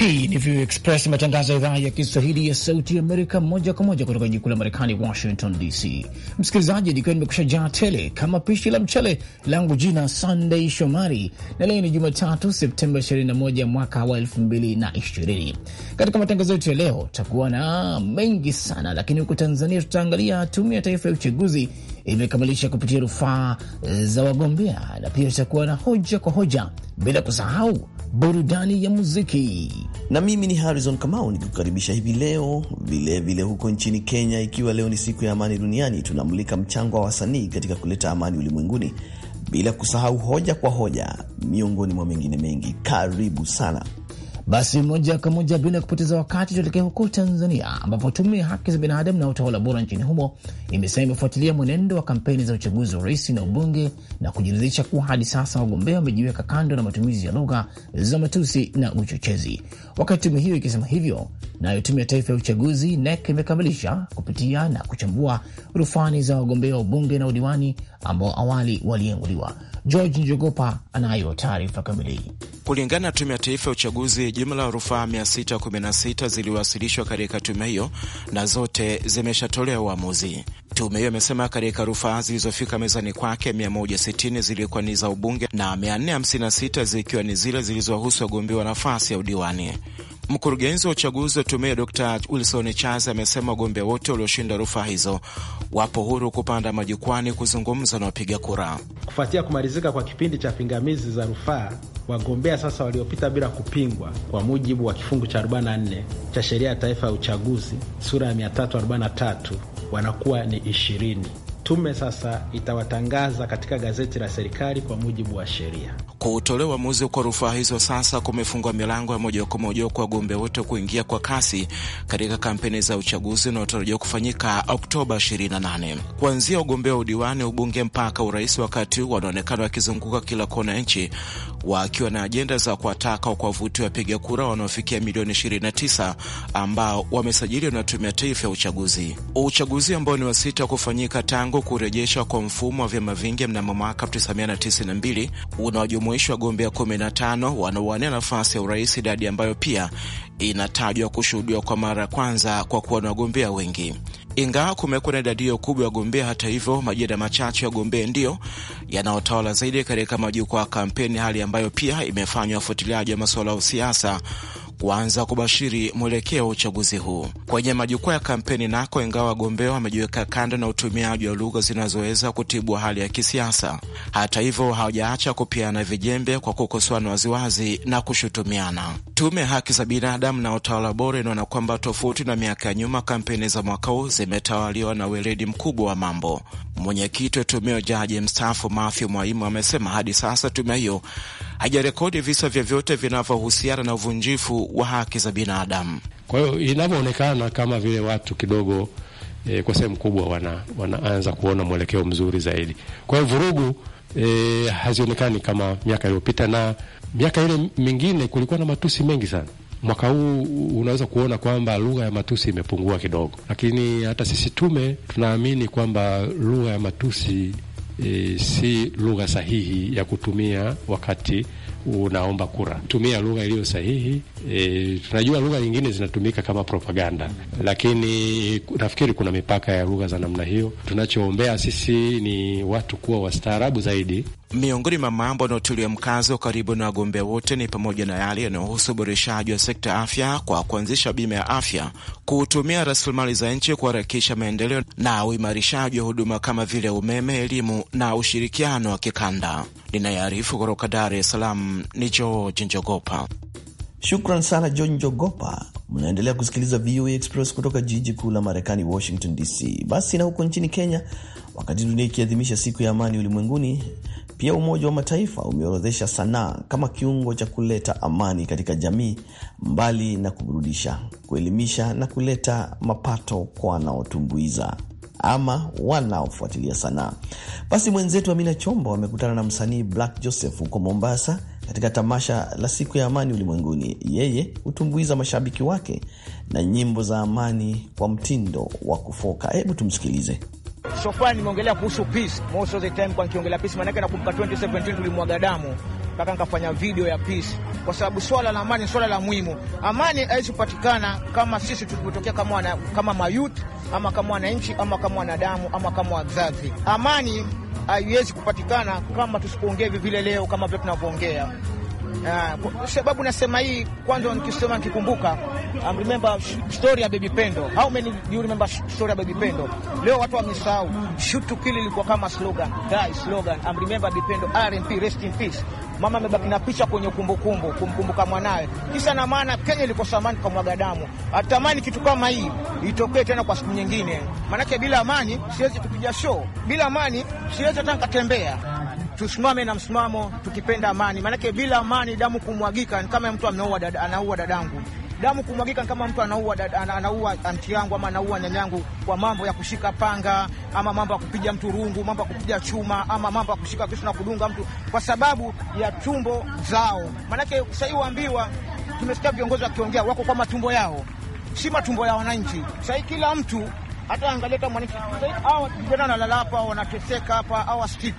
Hii ni VOA Express, matangazo ya idhaa ya Kiswahili ya Sauti Amerika, moja kwa moja kutoka jikuu la Marekani, Washington DC. Msikilizaji, nikiwa nimekusha jaa tele kama pishi la mchele langu, jina Sunday Shomari, na leo ni Jumatatu Septemba 21 mwaka wa 2020. Katika matangazo yetu ya leo tutakuwa na mengi sana, lakini huko Tanzania tutaangalia tume ya taifa ya uchaguzi imekamilisha kupitia rufaa za wagombea, na pia tutakuwa na hoja kwa hoja, bila kusahau burudani ya muziki. Na mimi ni Harrison Kamau nikukaribisha hivi leo vilevile vile huko nchini Kenya, ikiwa leo ni siku ya amani duniani, tunamulika mchango wa wasanii katika kuleta amani ulimwenguni, bila kusahau hoja kwa hoja, miongoni mwa mengine mengi. Karibu sana. Basi moja kwa moja bila kupoteza wakati tuelekea huko Tanzania, ambapo tume ya haki za binadamu na utawala bora nchini humo imesema imefuatilia mwenendo wa kampeni za uchaguzi wa urais na ubunge na kujiridhisha kuwa hadi sasa wagombea wamejiweka kando na matumizi ya lugha za matusi na uchochezi. Wakati tume hiyo ikisema hivyo, nayo tume ya taifa ya uchaguzi NEC imekamilisha kupitia na kuchambua rufani za wagombea wa ubunge na udiwani ambao awali walienguliwa. George Njogopa anayo taarifa kamili. Kulingana na Tume ya Taifa ya Uchaguzi, jumla ya rufaa 616 ziliwasilishwa katika tume hiyo na zote zimeshatolewa uamuzi. Tume hiyo imesema katika rufaa zilizofika mezani kwake 160 zilikuwa ni za ubunge na 456 zikiwa ni zile zilizohusu wagombea wa nafasi ya udiwani. Mkurugenzi wa uchaguzi wa tume Dr Wilson Chaza amesema wagombea wote walioshinda rufaa hizo wapo huru kupanda majukwani kuzungumza na wapiga kura. Kufuatia kumalizika kwa kipindi cha pingamizi za rufaa, wagombea sasa waliopita bila kupingwa kwa mujibu wa kifungu cha 44 cha sheria ya taifa ya uchaguzi sura ya 343 wanakuwa ni ishirini. Tume sasa itawatangaza katika gazeti la serikali kwa mujibu wa sheria kutolewa uamuzi kwa rufaa hizo sasa kumefungwa milango ya moja kwa moja kwa wagombea wote kuingia kwa kasi katika kampeni za uchaguzi unaotarajiwa kufanyika Oktoba 28. Kuanzia wagombea wa udiwani, ubunge mpaka urais, wakati wanaonekana wakizunguka kila kona nchi wakiwa na ajenda za kuwataka kuwavutia wapiga kura wanaofikia milioni 29 ambao wamesajili na Tume ya Taifa ya Uchaguzi, uchaguzi ambao ni wa sita kufanyika tangu kurejeshwa kwa mfumo wa vyama vingi mnamo mwaka 1992 unaojumuisha inajumuisha wagombea 15 wanaowania nafasi ya urais, idadi ambayo pia inatajwa kushuhudiwa kwa mara ya kwanza kwa kuwa na wagombea wengi. Ingawa kumekuwa na idadi hiyo kubwa ya wagombea, hata hivyo, majina machache ya wagombea ndiyo yanayotawala zaidi katika majukwaa ya kampeni, hali ambayo pia imefanywa wafuatiliaji wa masuala ya siasa kuanza kubashiri mwelekeo wa uchaguzi huu. Kwenye majukwaa ya kampeni nako, ingawa wagombea wamejiweka kando na utumiaji wa lugha zinazoweza kutibua hali ya kisiasa, hata hivyo hawajaacha kupiana vijembe kwa kukosoana waziwazi na kushutumiana. Tume ya Haki za Binadamu na Utawala Bora inaona kwamba tofauti na miaka ya nyuma, kampeni za mwaka huu zimetawaliwa na weledi mkubwa wa mambo. Mwenyekiti wa tume hiyo Jaji mstaafu Mathew Mwaimu amesema hadi sasa tume hiyo hajarekodi visa vyovyote vinavyohusiana na uvunjifu wa haki za binadamu. Kwa hiyo inavyoonekana kama vile watu kidogo e, kwa sehemu kubwa wana, wanaanza kuona mwelekeo mzuri zaidi. Kwa hiyo vurugu e, hazionekani kama miaka iliyopita, na miaka ile mingine kulikuwa na matusi mengi sana. Mwaka huu unaweza kuona kwamba lugha ya matusi imepungua kidogo, lakini hata sisi tume tunaamini kwamba lugha ya matusi e, si lugha sahihi ya kutumia wakati unaomba kura. Tumia lugha iliyo sahihi. E, tunajua lugha nyingine zinatumika kama propaganda, lakini nafikiri kuna mipaka ya lugha za namna hiyo. Tunachoombea sisi ni watu kuwa wastaarabu zaidi Miongoni mwa mambo yanayotulia mkazo karibu na wagombea wote ni pamoja na yale yanayohusu uboreshaji wa sekta afya kwa kuanzisha bima ya afya, kutumia rasilimali za nchi kuharakisha maendeleo na uimarishaji wa huduma kama vile umeme, elimu na ushirikiano wa kikanda. Ninayearifu kutoka Dar es Salaam ni George Njogopa. Shukran sana George Njogopa. Mnaendelea kusikiliza VOA Express kutoka jiji kuu la Marekani, Washington DC. Basi na huko nchini Kenya, wakati dunia ikiadhimisha siku ya amani ulimwenguni pia Umoja wa Mataifa umeorodhesha sanaa kama kiungo cha kuleta amani katika jamii, mbali na kuburudisha, kuelimisha na kuleta mapato kwa wanaotumbuiza ama wanaofuatilia sanaa. Basi mwenzetu Amina Chombo amekutana na msanii Black Joseph huko Mombasa katika tamasha la siku ya amani ulimwenguni. Yeye hutumbuiza mashabiki wake na nyimbo za amani kwa mtindo wa kufoka. Hebu tumsikilize. So far nimeongelea kuhusu peace most of the time, kwa nikiongelea peace maanake nakumbuka 2017 tulimwaga damu mpaka nikafanya video ya peace, kwa sababu swala la amani swala la muhimu. Amani haiwezi kupatikana kama sisi tulivyotokea kama wana, kama mayuth ama kama wananchi ama kama wanadamu ama kama wazazi. Amani haiwezi kupatikana kama tusipoongea hivi vile leo kama vile tunavyoongea. Uh, sababu nasema hii kwanza, nikisema nikikumbuka, I remember story ya Baby Pendo. How many do you remember story ya Baby Pendo? Leo watu wamesahau. Shoot to kill ilikuwa kama slogan, die slogan. I remember Baby Pendo, RMP, rest in peace. Mama amebaki na picha kwenye kumbukumbu kumkumbuka mwanawe, kisa na maana. Kenya ilikuwa samani mwaga damu, atamani kitu kama hii itokee tena kwa siku nyingine, maanake bila amani siwezi kupiga show, bila amani siwezi hata nikatembea tusimame na msimamo, tukipenda amani, maanake bila amani damu kumwagika, ni kama mtu ameua dada, anaua dadangu damu kumwagika kama mtu anaua anaua anti yangu ama anaua nyanyangu kwa mambo ya kushika panga ama mambo ya kupiga mtu rungu, mambo ya kupiga chuma ama mambo ya kushika kisu na kudunga mtu kwa sababu ya tumbo zao. Maanake sahii waambiwa, tumesikia viongozi wakiongea, wako kwa matumbo yao, si matumbo ya wananchi. Sahii kila mtu hata angalia, hata mwananchi, hawa vijana wanalala hapa, wanateseka hapa, hawa street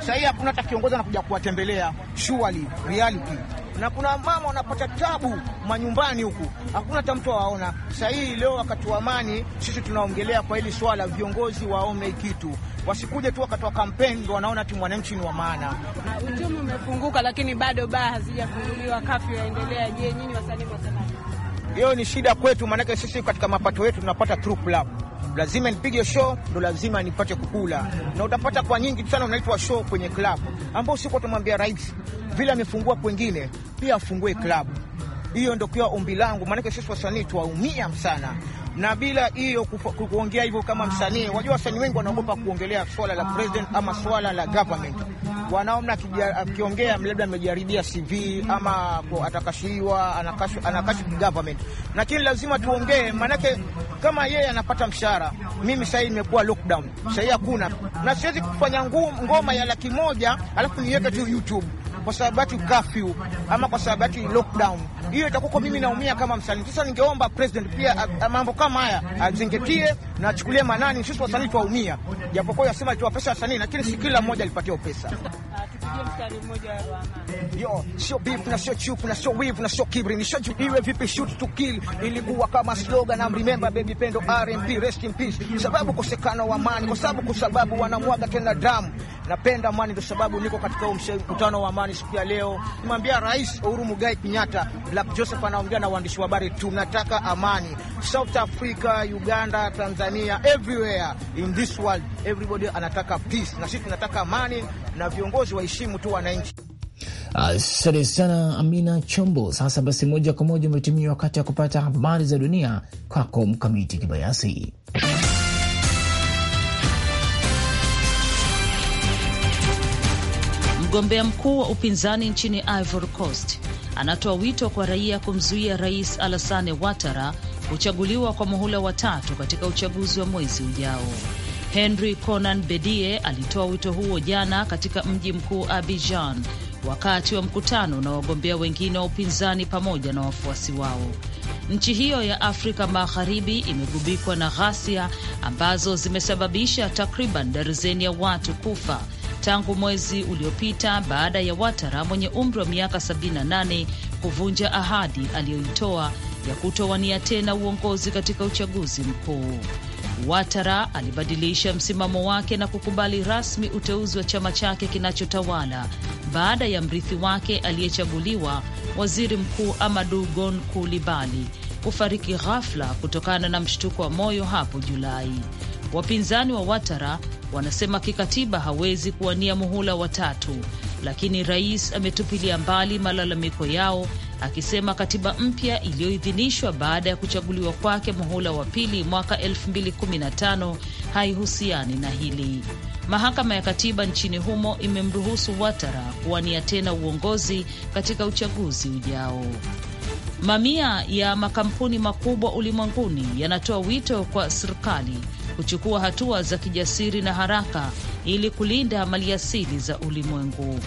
Sahii hakuna hata kiongozi anakuja kuwatembelea surely reality, na kuna mama wanapata tabu manyumbani huku, hakuna hata mtu awaona. hii leo wakati wa amani, sisi tunaongelea kwa hili swala, viongozi waone kitu, wasikuje tu wakati wa kampeni ndo wanaona ti mwananchi ni wa maana. Ah, uchumi umefunguka, lakini bado baa hazijafunguliwa, kafyu yaendelea. Je, nyinyi wasanii wa sanaa, hiyo ni shida kwetu, maanake sisi katika mapato yetu tunapata true club lazima nipige show, ndo lazima nipate kukula, na utapata kwa nyingi sana unaitwa show kwenye klabu, ambao sikuwa tumwambia rais vile amefungua kwengine, pia afungue klabu hiyo. Ndo kiwa ombi langu, maanake sisi wasanii twaumia sana na bila hiyo kuongea hivyo kama msanii, wajua wasanii wengi wanaogopa kuongelea swala la president ama swala la government, wanaona akiongea labda amejaribia CV ama atakashiwa, anakashi government. Lakini lazima tuongee, maanake kama yeye anapata mshahara, mimi sahii imekuwa lockdown, sahii hakuna, na siwezi kufanya ngoma ya laki moja alafu niweke tu YouTube kwa sababu ati curfew ama kwa sababu ati lockdown, hiyo itakuwa mimi naumia kama msanii. Sasa ningeomba president pia mambo kama haya azingetie na achukulie manani, sisi wasanii tuwaumia, japokuwa yasema tuwa pesa wasanii, lakini si kila mmoja alipatiwa pesa. Ah, mstari mmoja wa Rwanda. Yo, sio beef na sio chufu na sio wivu na sio kibri, ni sio iwe vipi, shoot to kill ilikuwa kama slogan na remember baby pendo R&B rest in peace, sababu kosekana wa amani, kwa sababu kwa sababu wanamwaga tena damu. Napenda amani, ndio sababu niko katika mkutano wa amani siku ya leo. Nimwambia Rais Uhuru Mugai Kenyatta, Black Joseph anaongea na waandishi wa habari, tunataka amani. South Africa, Uganda, Tanzania, everywhere in this world everybody anataka peace, na sisi tunataka amani na viongozi waheshimu tu wananchi. Asante sana Amina Chombo. Sasa basi, moja kwa moja umetumia wakati wa kupata habari za dunia. Kwako Mkamiti Kibayasi. Mgombea mkuu wa upinzani nchini Ivory Coast anatoa wito kwa raia kumzuia Rais Alassane Ouattara kuchaguliwa kwa muhula watatu katika uchaguzi wa mwezi ujao. Henry conan Bedie alitoa wito huo jana katika mji mkuu Abidjan wakati wa mkutano na wagombea wengine wa upinzani pamoja na wafuasi wao. Nchi hiyo ya Afrika Magharibi imegubikwa na ghasia ambazo zimesababisha takriban darzeni ya watu kufa tangu mwezi uliopita baada ya Watara mwenye umri wa miaka 78 kuvunja ahadi aliyoitoa ya kutowania tena uongozi katika uchaguzi mkuu. Watara alibadilisha msimamo wake na kukubali rasmi uteuzi wa chama chake kinachotawala baada ya mrithi wake aliyechaguliwa, waziri mkuu Amadu Gon Kulibali kufariki ghafla kutokana na mshtuko wa moyo hapo Julai. Wapinzani wa Watara wanasema kikatiba hawezi kuwania muhula watatu, lakini rais ametupilia mbali malalamiko yao akisema katiba mpya iliyoidhinishwa baada ya kuchaguliwa kwake muhula wa pili mwaka 2015 haihusiani na hili. Mahakama ya katiba nchini humo imemruhusu Watara kuwania tena uongozi katika uchaguzi ujao. Mamia ya makampuni makubwa ulimwenguni yanatoa wito kwa serikali kuchukua hatua za kijasiri na haraka ili kulinda maliasili za ulimwengu.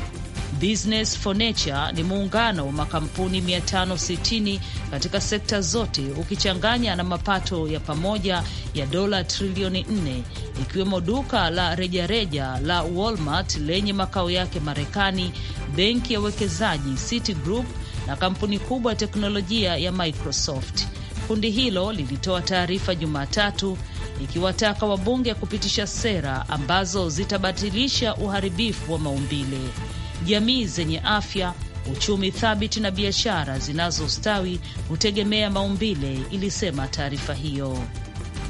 Business for Nature ni muungano wa makampuni 560 katika sekta zote ukichanganya na mapato ya pamoja ya dola trilioni 4 ikiwemo duka la rejareja reja la Walmart lenye makao yake Marekani, benki ya uwekezaji Citigroup na kampuni kubwa ya teknolojia ya Microsoft. Kundi hilo lilitoa taarifa Jumatatu ikiwataka wabunge kupitisha sera ambazo zitabatilisha uharibifu wa maumbile. Jamii zenye afya, uchumi thabiti na biashara zinazostawi hutegemea maumbile, ilisema taarifa hiyo.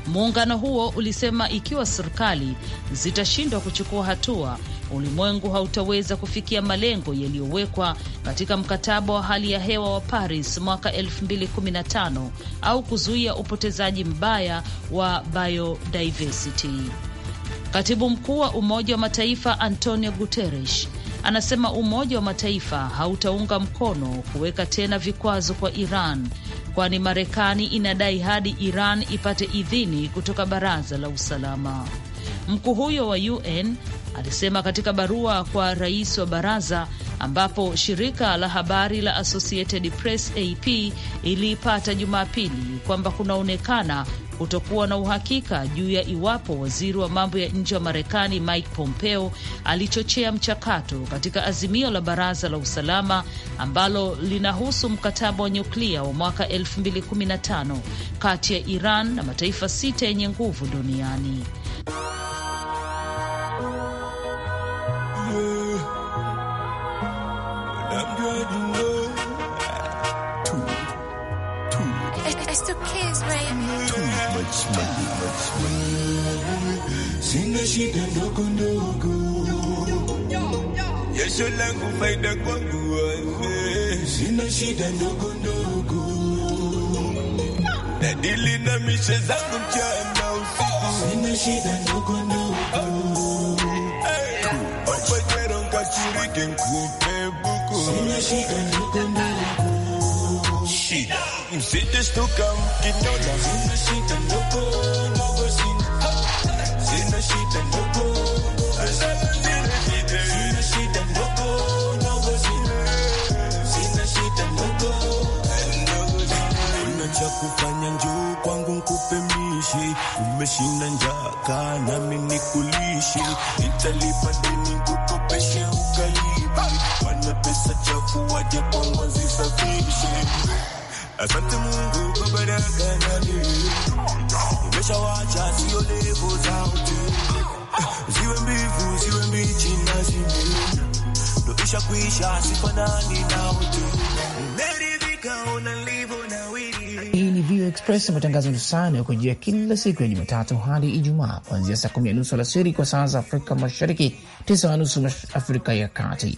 Muungano huo ulisema ikiwa serikali zitashindwa kuchukua hatua, ulimwengu hautaweza kufikia malengo yaliyowekwa katika mkataba wa hali ya hewa wa Paris mwaka 2015 au kuzuia upotezaji mbaya wa biodiversity. Katibu mkuu wa Umoja wa Mataifa Antonio Guterres anasema Umoja wa Mataifa hautaunga mkono kuweka tena vikwazo kwa Iran kwani Marekani inadai hadi Iran ipate idhini kutoka Baraza la Usalama. Mkuu huyo wa UN alisema katika barua kwa rais wa baraza ambapo shirika la habari la Associated Press AP iliipata Jumapili kwamba kunaonekana kutokuwa na uhakika juu ya iwapo waziri wa mambo ya nje wa Marekani Mike Pompeo alichochea mchakato katika azimio la Baraza la Usalama ambalo linahusu mkataba wa nyuklia wa mwaka 2015 kati ya Iran na mataifa sita yenye nguvu duniani. Sina shida ndogo ndogo, jasho langu faida kwangu wewe. Sina shida ndogo ndogo, nadili na mishe zangu mchana usiku. Sina shida ndogo ndogo, opajero nkashiriki mkupe Sina shida ndogo ndogo kufanya njoo kwangu nkupe umeshinda njaa nami nikulishi, nitalipa deni kukopeshe ukalibi, wana pesa chafu waja kwangu wazisafishe. Asante Mungu baba dada nami umeshawacha sio levo za ziwe mbivu ziwe mbichi na zingine ndo isha kuisha sifanani na utini, umeridhika hii ni VOA Express, matangazo nusu saa yanayokujia kila siku ya Jumatatu hadi Ijumaa, kuanzia saa kumi na nusu alasiri kwa saa za Afrika Mashariki, tisa na nusu Afrika ya Kati.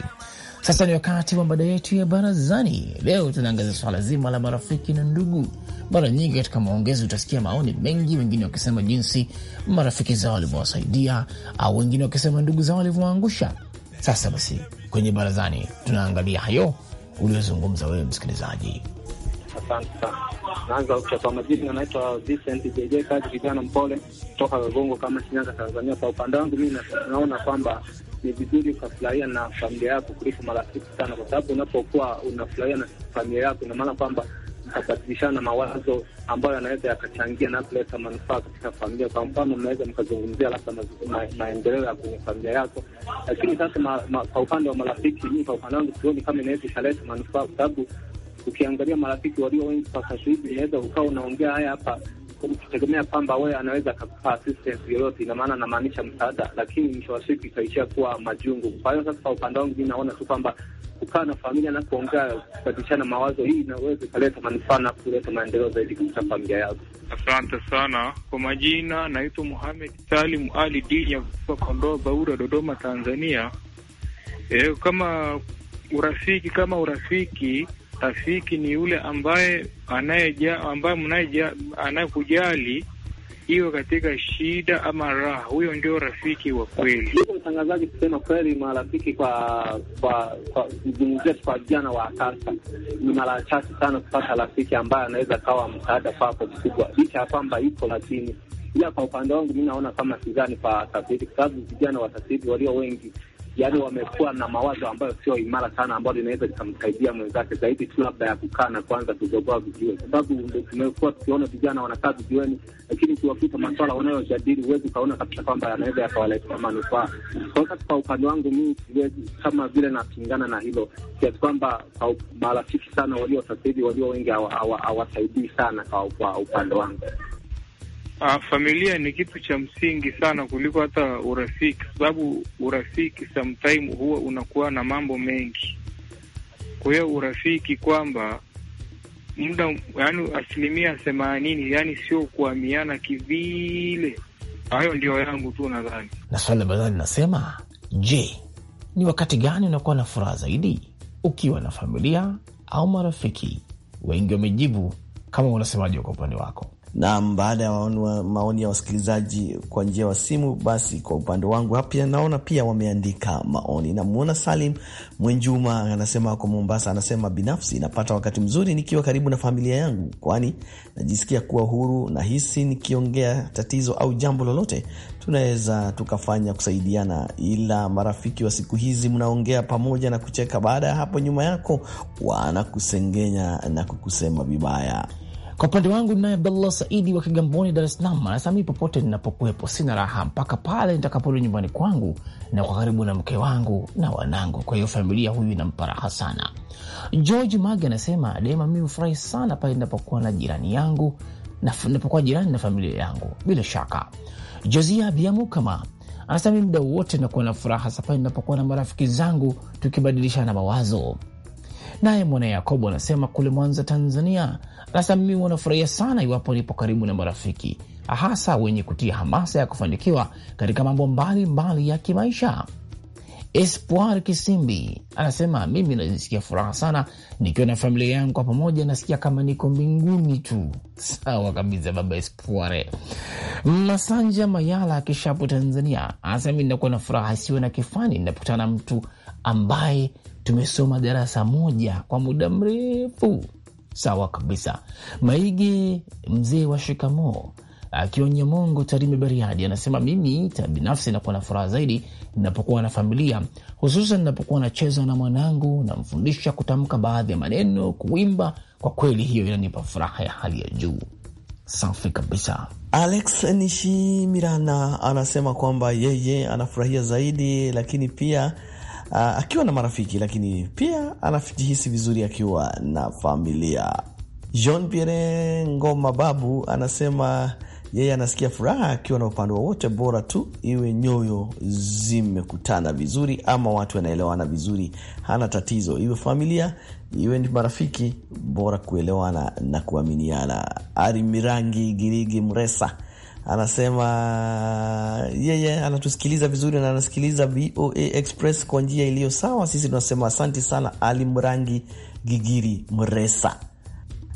Sasa ni wakati wa mada yetu ya barazani. Leo tunaangazia swala zima la marafiki na ndugu. Mara nyingi katika maongezi utasikia maoni mengi, wengine wakisema jinsi marafiki zao walivyowasaidia au wengine wakisema ndugu zao walivyoangusha. Sasa basi, kwenye barazani tunaangalia hayo uliozungumza wewe msikilizaji. Asante sana. Naanza kucha kwa majini, anaitwa Vincent JJ Kazi, kijana mpole toka Kagongo kama Shinyanga, Tanzania. Kwa upande wangu mimi naona kwamba ni vizuri ukafurahia na familia yako kuliko marafiki sana, kwa sababu unapokuwa unafurahia na familia yako, ina maana kwamba mkabadilishana mawazo ambayo yanaweza yakachangia na kuleta manufaa katika familia. Kwa mfano, mnaweza mkazungumzia labda maendeleo ya kwenye familia yako, lakini sasa kwa upande wa marafiki, mimi kwa upande wangu sioni kama inaweza ikaleta manufaa, kwa sababu ukiangalia marafiki walio wengi sasa hivi, inaweza ukawa unaongea haya hapa ukitegemea kwamba wewe anaweza akakupa assistance yoyote, ina maana anamaanisha msaada, lakini mwisho wa siku itaishia kuwa majungu. Kwa hiyo sasa, kwa upande wangu mi naona tu kwamba kukaa na familia na kuongea, kubadilishana mawazo, hii inaweza ikaleta manufaa na kuleta maendeleo zaidi katika familia yako. Asante sana kwa majina, naitwa Muhamed Salim Ali Dinya kutoka Kondoa Baura, Dodoma, Tanzania. E, kama urafiki kama urafiki Rafiki ni yule ambaye anayeja, ambaye mnayeja, anayekujali iwe katika shida ama raha, huyo ndio rafiki wa kweli. Mtangazaji, kusema kweli, marafiki kwa kwa kwa vijana wa sasa, ni mara chache sana kupata rafiki ambaye anaweza kawa msaada kwako mkubwa, licha ya kwamba ipo, lakini ila kwa upande wangu mi naona kama sidhani kwa sasa hivi, kwa sababu vijana wa sasa hivi walio wengi yani wamekuwa na mawazo ambayo sio imara sana, ambayo linaweza likamsaidia mwenzake zaidi tu labda ya kukaa na kuanza kuzogoa vijiweni, kwa sababu tumekuwa tukiona vijana wanakaa vijiweni, lakini ukiwakuta maswala wanayojadili huwezi ukaona kabisa kwamba yanaweza yakawaletea manufaa. Kwa hiyo kwa upande wangu mii siwezi kama vile napingana na hilo kiasi kwamba kwa marafiki sana walio sasa hivi walio wengi hawasaidii sana kwa upande wangu. Uh, familia ni kitu cha msingi sana kuliko hata urafiki, kwa sababu urafiki sometime huwa unakuwa na mambo mengi. Kwa hiyo urafiki kwamba muda yani asilimia themanini yani sio kuamiana kivile. Hayo ndio yangu tu nadhani, na swali la baradhani je, ni wakati gani unakuwa na furaha zaidi ukiwa na familia au marafiki? Wengi wamejibu. Kama unasemaje kwa upande wako? Naam, baada ya maoni ya wasikilizaji kwa njia ya simu, basi kwa upande wangu hapa naona pia wameandika maoni. Namwona Salim Mwenjuma anasema kwa Mombasa, anasema binafsi napata wakati mzuri nikiwa karibu na familia yangu, kwani najisikia kuwa huru na hisi nikiongea tatizo au jambo lolote tunaweza tukafanya kusaidiana, ila marafiki wa siku hizi mnaongea pamoja na kucheka, baada ya hapo nyuma yako wanakusengenya na kukusema vibaya. Kwa upande wangu, naye Abdallah Saidi wa Kigamboni, Dar es Salaam, anasema mimi popote ninapokuwepo sina raha mpaka pale nitakaporudi nyumbani kwangu na kwa karibu na mke wangu na wanangu. Kwa hiyo familia huyu inampa raha sana. George Mage anasema dema, mimi hufurahi sana pale ninapokuwa na jirani yangu na ninapokuwa jirani na familia yangu. Bila shaka, Josia Biamukama anasema mimi muda wote nakuwa na furaha hasa pale ninapokuwa na marafiki zangu tukibadilishana mawazo. Naye Mwana Yakobo anasema kule Mwanza, Tanzania, sasa mimi wanafurahia sana iwapo nipo karibu na marafiki, hasa wenye kutia hamasa ya kufanikiwa katika mambo mbalimbali ya kimaisha. Espoir Kisimbi anasema mimi najisikia furaha sana nikiwa na familia yangu kwa pamoja, nasikia kama niko mbinguni tu. Sawa kabisa, baba Espoir. Masanja Mayala akishapo Tanzania anasema mi nakuwa na furaha isiwe na kifani ninapokutana mtu ambaye tumesoma darasa moja kwa muda mrefu. Sawa kabisa. Maige mzee wa shikamo akionya nyamongo Tarime Bariadi anasema mimi binafsi nakuwa na furaha zaidi ninapokuwa na familia, hususan ninapokuwa nacheza na mwanangu, namfundisha kutamka baadhi ya maneno, kuimba. Kwa kweli hiyo inanipa furaha ya hali ya juu. Safi kabisa. Alex Nishimirana anasema kwamba yeye anafurahia zaidi, lakini pia uh, akiwa na marafiki, lakini pia anajihisi vizuri akiwa na familia. Jean Pierre Ngoma Babu anasema yeye anasikia furaha akiwa na upande wowote, bora tu iwe nyoyo zimekutana vizuri, ama watu wanaelewana vizuri, hana tatizo, iwe familia iwe ni marafiki, bora kuelewana na kuaminiana. Ari Mirangi Girigi Mresa anasema yeye anatusikiliza vizuri na anasikiliza VOA Express kwa njia iliyo sawa. Sisi tunasema asanti sana, Ali Mrangi Gigiri Mresa.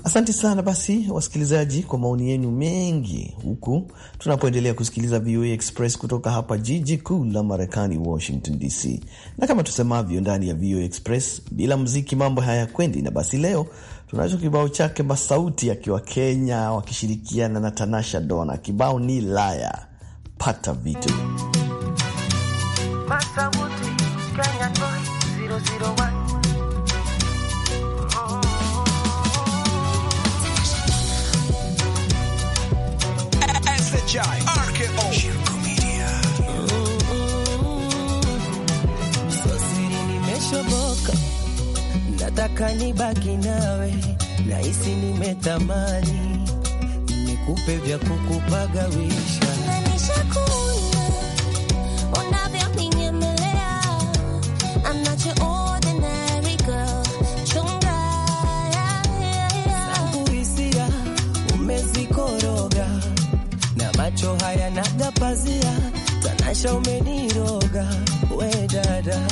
Asante sana basi, wasikilizaji, kwa maoni yenu mengi, huku tunapoendelea kusikiliza VOA Express kutoka hapa jiji kuu la Marekani, Washington DC. Na kama tusemavyo ndani ya VOA Express, bila muziki mambo hayakwendi, na basi leo Tunacho kibao chake Masauti akiwa Kenya wakishirikiana na Tanasha Dona. Kibao ni Laya pata vitu Masauti, Kenya, zero, zero, nibaki nawe, nahisi nimetamani nikupe vya kukupagawisha macho haya naga pazia, tanasha umeniroga, we dada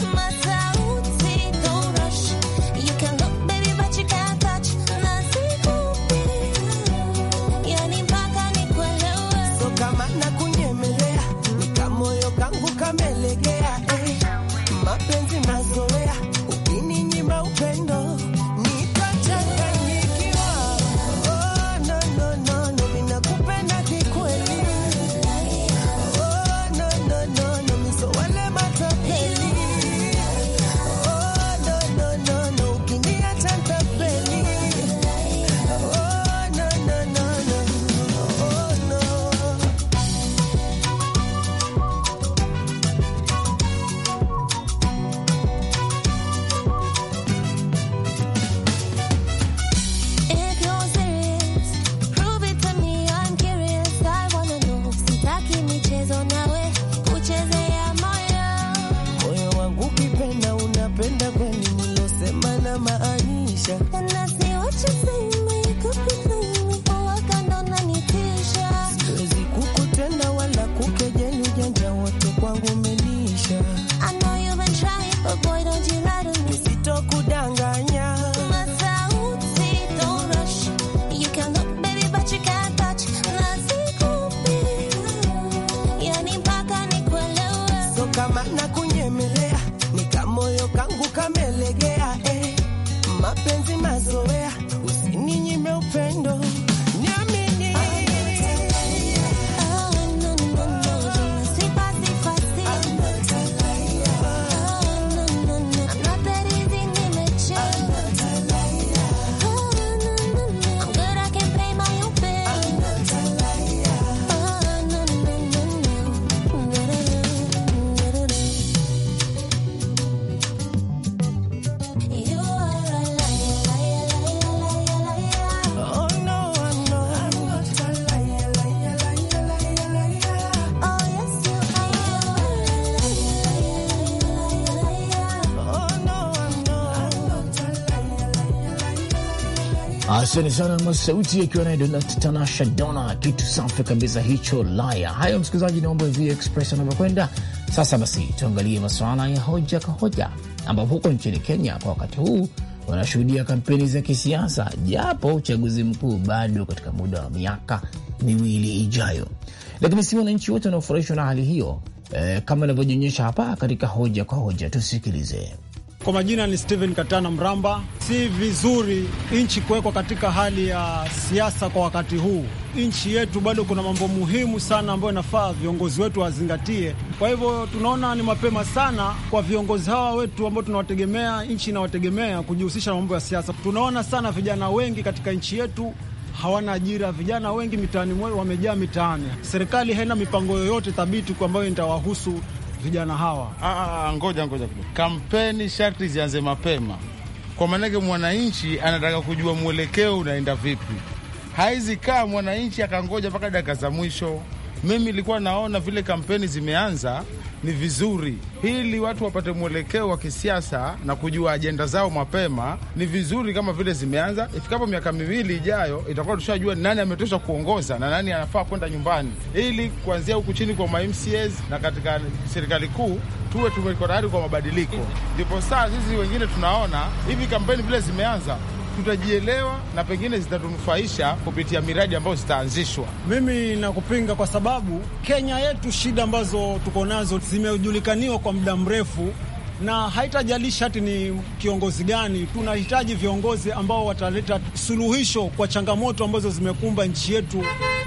Asante sana Masauti akiwa naye Tanasha Dona, kitu safi kabisa hicho. Laya hayo, msikilizaji, naomba VOA Express anavyokwenda sasa. Basi tuangalie masuala ya hoja kwa hoja, ambapo huko nchini Kenya kwa wakati huu wanashuhudia kampeni za kisiasa, japo uchaguzi mkuu bado katika muda wa miaka miwili ijayo, lakini si wananchi wote wanaofurahishwa na hali hiyo, eh, kama inavyojionyesha hapa katika hoja kwa hoja. Tusikilize. Kwa majina ni Steven Katana Mramba. Si vizuri nchi kuwekwa katika hali ya siasa kwa wakati huu. Nchi yetu bado kuna mambo muhimu sana ambayo inafaa viongozi wetu wazingatie. Kwa hivyo tunaona ni mapema sana kwa viongozi hawa wetu ambao tunawategemea, nchi inawategemea kujihusisha na mambo ya siasa. Tunaona sana vijana wengi katika nchi yetu hawana ajira. Vijana wengi mitaani mwe wamejaa mitaani. Serikali haina mipango yoyote thabiti ambayo itawahusu vijana hawa? Ah, ah, ah ngoja ngoja kampeni sharti zianze mapema, kwa maanake mwananchi anataka kujua mwelekeo unaenda vipi. Haizi kaa mwananchi akangoja mpaka dakika za mwisho. Mimi nilikuwa naona vile kampeni zimeanza ni vizuri hili watu wapate mwelekeo wa kisiasa na kujua ajenda zao mapema. Ni vizuri kama vile zimeanza, ifikapo miaka miwili ijayo itakuwa tushajua nani ametosha kuongoza na nani anafaa kwenda nyumbani, ili kuanzia huku chini kwa MCAs na katika serikali kuu tuwe tumeko tayari kwa mabadiliko. Ndipo saa sisi wengine tunaona hivi kampeni vile zimeanza tutajielewa na pengine zitatunufaisha kupitia miradi ambayo zitaanzishwa. Mimi nakupinga kwa sababu Kenya yetu, shida ambazo tuko nazo zimejulikaniwa kwa muda mrefu na haitajalishi hati ni kiongozi gani. Tunahitaji viongozi ambao wataleta suluhisho kwa changamoto ambazo zimekumba nchi yetu.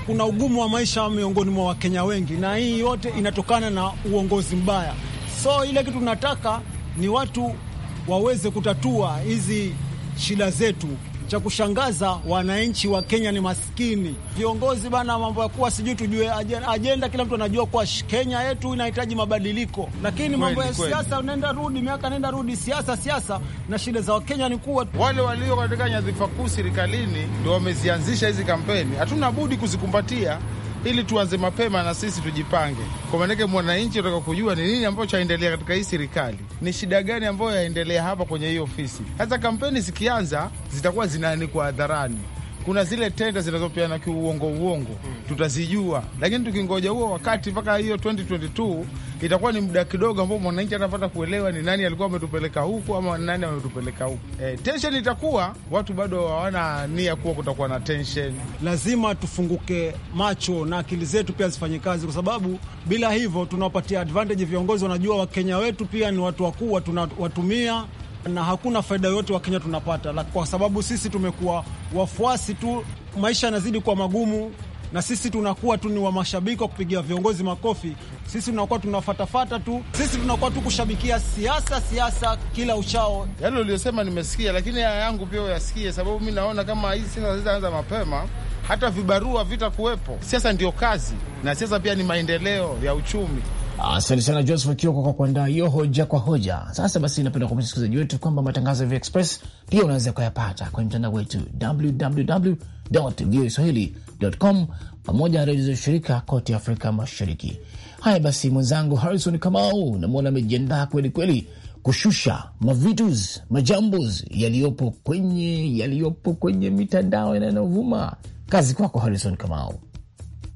Kuna ugumu wa maisha miongoni mwa Wakenya wengi, na hii yote inatokana na uongozi mbaya. So ile kitu tunataka ni watu waweze kutatua hizi shida zetu. Cha kushangaza wananchi wa Kenya ni maskini. Viongozi bana, mambo ya kuwa sijui tujue ajenda, kila mtu anajua kuwa Kenya yetu inahitaji mabadiliko, lakini mambo ya siasa unaenda rudi, miaka nenda rudi, siasa siasa, na shida za Wakenya ni kuwa wale walio katika nyadhifa kuu serikalini ndio wamezianzisha hizi kampeni, hatuna budi kuzikumbatia ili tuanze mapema na sisi tujipange, kwa maanake mwananchi ataka kujua ni nini ambacho chaendelea katika hii serikali ni shida gani ambayo yaendelea hapa kwenye hii ofisi. hasa kampeni zikianza zitakuwa zinaanikwa hadharani kuna zile tenda zinazopeana kiuongo uongo, mm. tutazijua, lakini tukingoja huo wakati mpaka hiyo 2022 itakuwa ni muda kidogo ambao mwananchi atapata kuelewa ni nani alikuwa ametupeleka huku ama nani ametupeleka huku. E, tension itakuwa, watu bado hawana nia kuwa kutakuwa na tension. Lazima tufunguke macho na akili zetu pia zifanye kazi, kwa sababu bila hivyo tunawapatia advantage viongozi. Wanajua Wakenya wetu pia ni watu wakuu, tunawatumia na hakuna faida yoyote Wakenya tunapata la, kwa sababu sisi tumekuwa wafuasi tu, maisha yanazidi kuwa magumu na sisi tunakuwa tu ni wa mashabiki wa kupigia viongozi makofi. Sisi tunakuwa tunafatafata tu, sisi tunakuwa tu kushabikia siasa siasa kila uchao. Yale yaani uliyosema nimesikia, lakini haya yangu pia uyasikie, sababu mi naona kama hizi siasa zitaanza mapema, hata vibarua vitakuwepo. Siasa ndio kazi, na siasa pia ni maendeleo ya uchumi. Asante sana Joseph Kioko kwa kuandaa hiyo hoja kwa hoja. Sasa basi, napenda kumbusha wasikilizaji wetu kwamba matangazo ya Express pia unaweza kuyapata kwenye mtandao wetu www.voaswahili.com pamoja na redio za ushirika kote Afrika Mashariki. Haya basi, mwenzangu Harrison Kamau namwona amejiandaa kweli kweli kushusha mavitus majambos yaliyopo kwenye yaliyopo kwenye mitandao yanayovuma. Kazi kwako Harrison Kamau.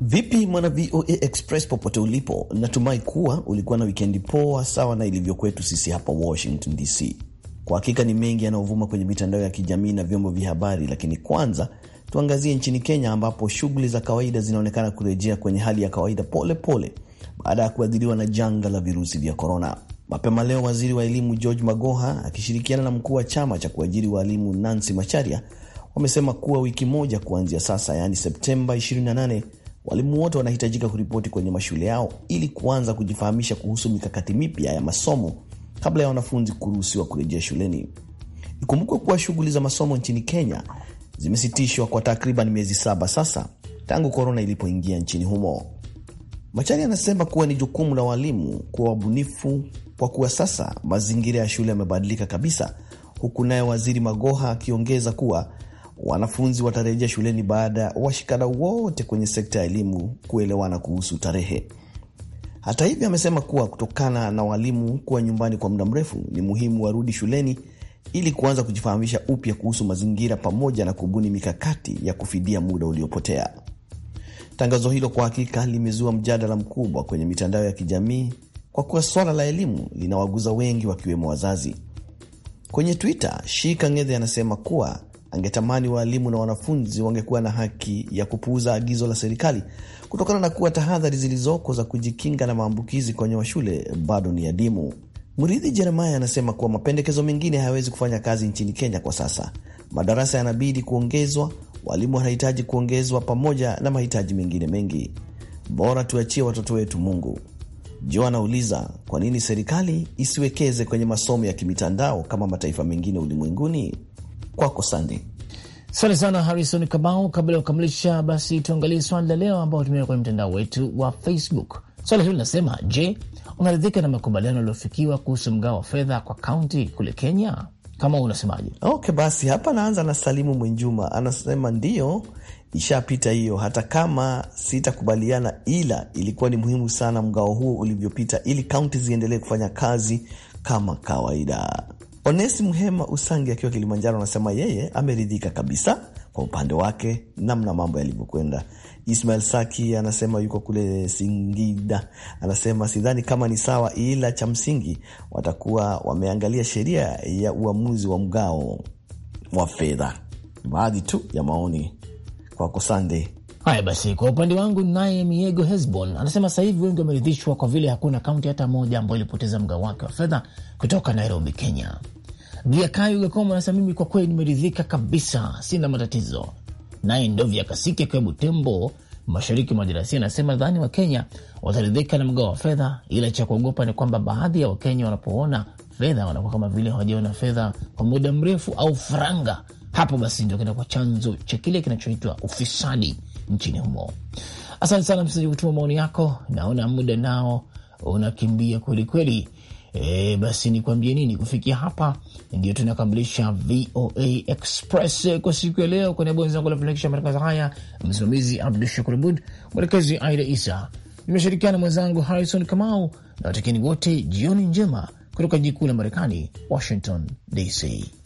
Vipi mwana VOA Express, popote ulipo, natumai kuwa ulikuwa na wikendi poa sawa na ilivyo kwetu sisi hapa Washington DC. Kwa hakika ni mengi yanayovuma kwenye mitandao ya kijamii na vyombo vya habari, lakini kwanza tuangazie nchini Kenya ambapo shughuli za kawaida zinaonekana kurejea kwenye hali ya kawaida polepole pole, baada ya kuadhiriwa na janga la virusi vya korona. Mapema leo waziri wa elimu George Magoha akishirikiana na mkuu wa chama cha kuajiri waalimu Nancy Macharia wamesema kuwa wiki moja kuanzia sasa, yaani Septemba 28 Walimu wote wanahitajika kuripoti kwenye mashule yao ili kuanza kujifahamisha kuhusu mikakati mipya ya masomo kabla ya wanafunzi kuruhusiwa kurejea shuleni. Ikumbukwe kuwa shughuli za masomo nchini Kenya zimesitishwa kwa takriban miezi saba sasa tangu korona ilipoingia nchini humo. Machari anasema kuwa ni jukumu la walimu kuwa wabunifu kwa kuwa sasa mazingira ya shule yamebadilika kabisa, huku naye Waziri Magoha akiongeza kuwa wanafunzi watarejea shuleni baada ya washikadau wote kwenye sekta ya elimu kuelewana kuhusu tarehe. Hata hivyo, amesema kuwa kutokana na walimu kuwa nyumbani kwa muda mrefu, ni muhimu warudi shuleni ili kuanza kujifahamisha upya kuhusu mazingira pamoja na kubuni mikakati ya kufidia muda uliopotea. Tangazo hilo kwa hakika limezua mjadala mkubwa kwenye mitandao ya kijamii kwa kuwa swala la elimu linawaguza wengi wakiwemo wazazi. Kwenye Twitter, Shi Kang'ethe anasema kuwa Angetamani waalimu na wanafunzi wangekuwa na haki ya kupuuza agizo la serikali kutokana na kuwa tahadhari zilizoko za kujikinga na maambukizi kwenye mashule bado ni adimu. Mridhi Jeremaya anasema kuwa mapendekezo mengine hayawezi kufanya kazi nchini Kenya kwa sasa. Madarasa yanabidi kuongezwa, walimu wanahitaji kuongezwa, pamoja na mahitaji mengine mengi. Bora tuachie watoto wetu Mungu. Jo anauliza kwa nini serikali isiwekeze kwenye masomo ya kimitandao kama mataifa mengine ulimwenguni? Kwako Sandi. Asante sana Harison Kamau. Kabla ya kukamilisha, basi tuangalie swali la leo ambao tumeweka kwenye mtandao wetu wa Facebook. Swali hili linasema, je, unaridhika na makubaliano yaliyofikiwa kuhusu mgao wa fedha kwa kaunti kule Kenya? Kama unasemaje? Okay, basi hapa naanza na Salimu Mwenjuma, anasema ndiyo, ishapita hiyo, hata kama sitakubaliana, ila ilikuwa ni muhimu sana mgao huo ulivyopita, ili kaunti ziendelee kufanya kazi kama kawaida. Onesi Mhema Usangi akiwa Kilimanjaro anasema yeye ameridhika kabisa kwa upande wake namna mambo yalivyokwenda. Ismail Saki anasema yuko kule Singida, anasema sidhani kama ni sawa, ila cha msingi watakuwa wameangalia sheria ya uamuzi wa mgao wa fedha. Baadhi tu ya maoni kwako, Sande. Haya basi, kwa upande wangu naye Miego Hesbon anasema sasa hivi wengi wameridhishwa kwa vile hakuna kaunti hata moja ambayo ilipoteza mgao wake wa fedha kutoka Nairobi, Kenya. Giakayu Gakoma anasema mimi kwa kweli nimeridhika kabisa, sina matatizo. Naye Ndovya Kasike akiwa Butembo, mashariki mwa DRC anasema nadhani Wakenya wataridhika na mgao wa fedha, ila cha kuogopa ni kwamba baadhi ya Wakenya wanapoona fedha wanakuwa kama vile hawajaona fedha kwa muda mrefu au faranga. Hapo basi ndio kinakuwa chanzo cha kile kinachoitwa ufisadi nchini humo. Asante sana msikilizaji kutuma maoni yako, naona muda nao unakimbia kwelikweli. E, basi nikuambie nini, kufikia hapa ndio tunakamilisha VOA Express kwa siku ya leo. Kwa niaba wenzangu lafanikisha matangazo haya, msimamizi Abdu Shakur Abud, mwelekezi Aida Isa, nimeshirikiana mwenzangu Harrison Kamau na watekeni wote, jioni njema kutoka jikuu la Marekani, Washington DC.